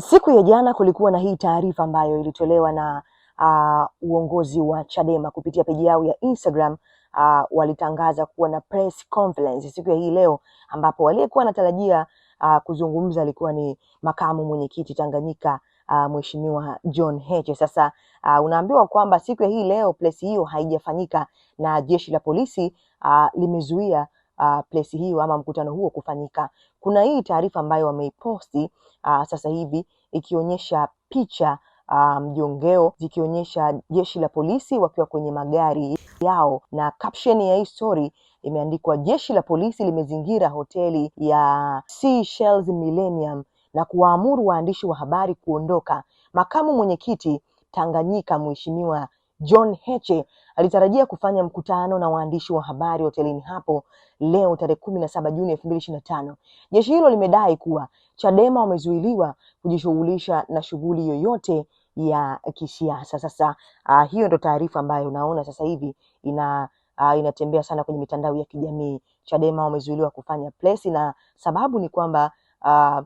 Siku ya jana kulikuwa na hii taarifa ambayo ilitolewa na uh, uongozi wa Chadema kupitia peji yao ya Instagram. Uh, walitangaza kuwa na press conference siku ya hii leo ambapo aliyekuwa anatarajia uh, kuzungumza alikuwa ni makamu mwenyekiti Tanganyika uh, Mheshimiwa John Heche. Sasa uh, unaambiwa kwamba siku ya hii leo press hiyo haijafanyika na jeshi la polisi uh, limezuia uh, place hiyo ama mkutano huo kufanyika. Kuna hii taarifa ambayo wameiposti uh, sasa hivi ikionyesha picha mjongeo ah, mjongeo zikionyesha jeshi la polisi wakiwa kwenye magari yao, na caption ya hii story imeandikwa jeshi la polisi limezingira hoteli ya Seychelles Millennium na kuwaamuru waandishi wa habari kuondoka. Makamu mwenyekiti Tanganyika Mheshimiwa John Heche alitarajia kufanya mkutano na waandishi wa habari hotelini hapo leo tarehe kumi na saba Juni elfu mbili ishirini na tano. Jeshi hilo limedai kuwa Chadema wamezuiliwa kujishughulisha na shughuli yoyote ya kisiasa. Sasa uh, hiyo ndo taarifa ambayo unaona sasa hivi ina uh, inatembea sana kwenye mitandao ya kijamii. Chadema wamezuiliwa kufanya plesi, na sababu ni kwamba uh,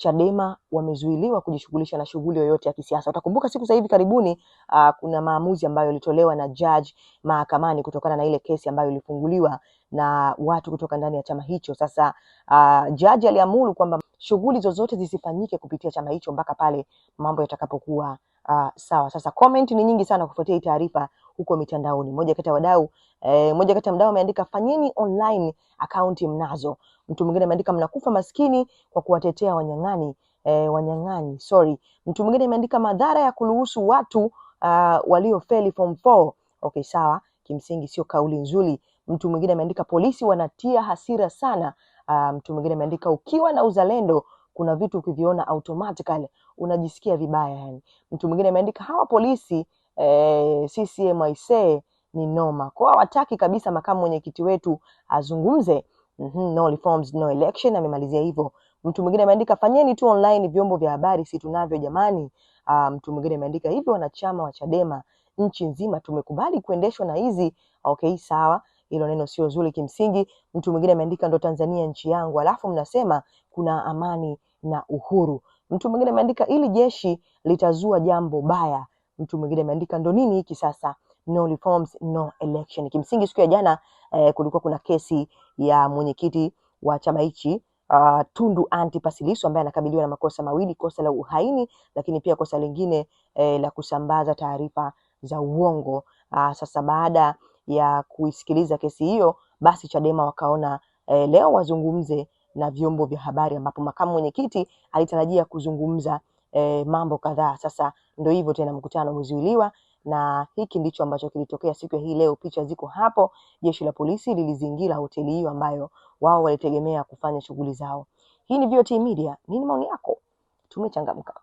Chadema wamezuiliwa kujishughulisha na shughuli yoyote ya kisiasa. Utakumbuka siku za hivi karibuni uh, kuna maamuzi ambayo yalitolewa na judge mahakamani kutokana na ile kesi ambayo ilifunguliwa na watu kutoka ndani ya chama hicho. Sasa uh, ah, judge aliamuru kwamba shughuli zozote zisifanyike kupitia chama hicho mpaka pale mambo yatakapokuwa uh, sawa. Sasa comment ni nyingi sana kufuatia hii taarifa huko mitandaoni. Moja kati ya wadau eh, moja kati ya mdau ameandika fanyeni online akaunti mnazo. Mtu mwingine ameandika mnakufa maskini kwa kuwatetea wanyang'ani eh, wanyang'ani, sorry. Mtu mwingine ameandika madhara ya kuruhusu watu uh, ah, waliofeli form 4. Okay, sawa, kimsingi sio kauli nzuri. Mtu mwingine ameandika polisi wanatia hasira sana. Uh, mtu mwingine ameandika ukiwa na uzalendo kuna vitu ukiviona automatically unajisikia vibaya yani. Mtu mwingine ameandika hawa polisi eh, CCM aisee ni noma. Kwa hawataki kabisa makamu mwenyekiti wetu azungumze. Mm -hmm, no reforms, no election, amemalizia hivyo. Mtu mwingine ameandika fanyeni tu online vyombo vya habari si tunavyo jamani. Uh, mtu mwingine ameandika hivyo wanachama wa Chadema nchi nzima tumekubali kuendeshwa na hizi. Okay, sawa, hilo neno sio zuri kimsingi. Mtu mwingine ameandika ndo Tanzania nchi yangu, alafu mnasema kuna amani na uhuru. Mtu mwingine ameandika ili jeshi litazua jambo baya Mtu mwingine ameandika ndo nini hiki sasa, no reforms, no election. Kimsingi siku ya jana eh, kulikuwa kuna kesi ya mwenyekiti wa chama hichi uh, Tundu Antipas Lissu ambaye anakabiliwa na makosa mawili, kosa la uhaini, lakini pia kosa lingine eh, la kusambaza taarifa za uongo. Uh, sasa baada ya kuisikiliza kesi hiyo, basi Chadema wakaona eh, leo wazungumze na vyombo vya habari ambapo makamu mwenyekiti alitarajia kuzungumza e, mambo kadhaa. Sasa ndio hivyo tena, mkutano umezuiliwa na hiki ndicho ambacho kilitokea siku ya hii leo. Picha ziko hapo. Jeshi la polisi lilizingira hoteli hiyo ambayo wao walitegemea kufanya shughuli zao. Hii ni VOT Media. Nini maoni yako? Tumechangamka.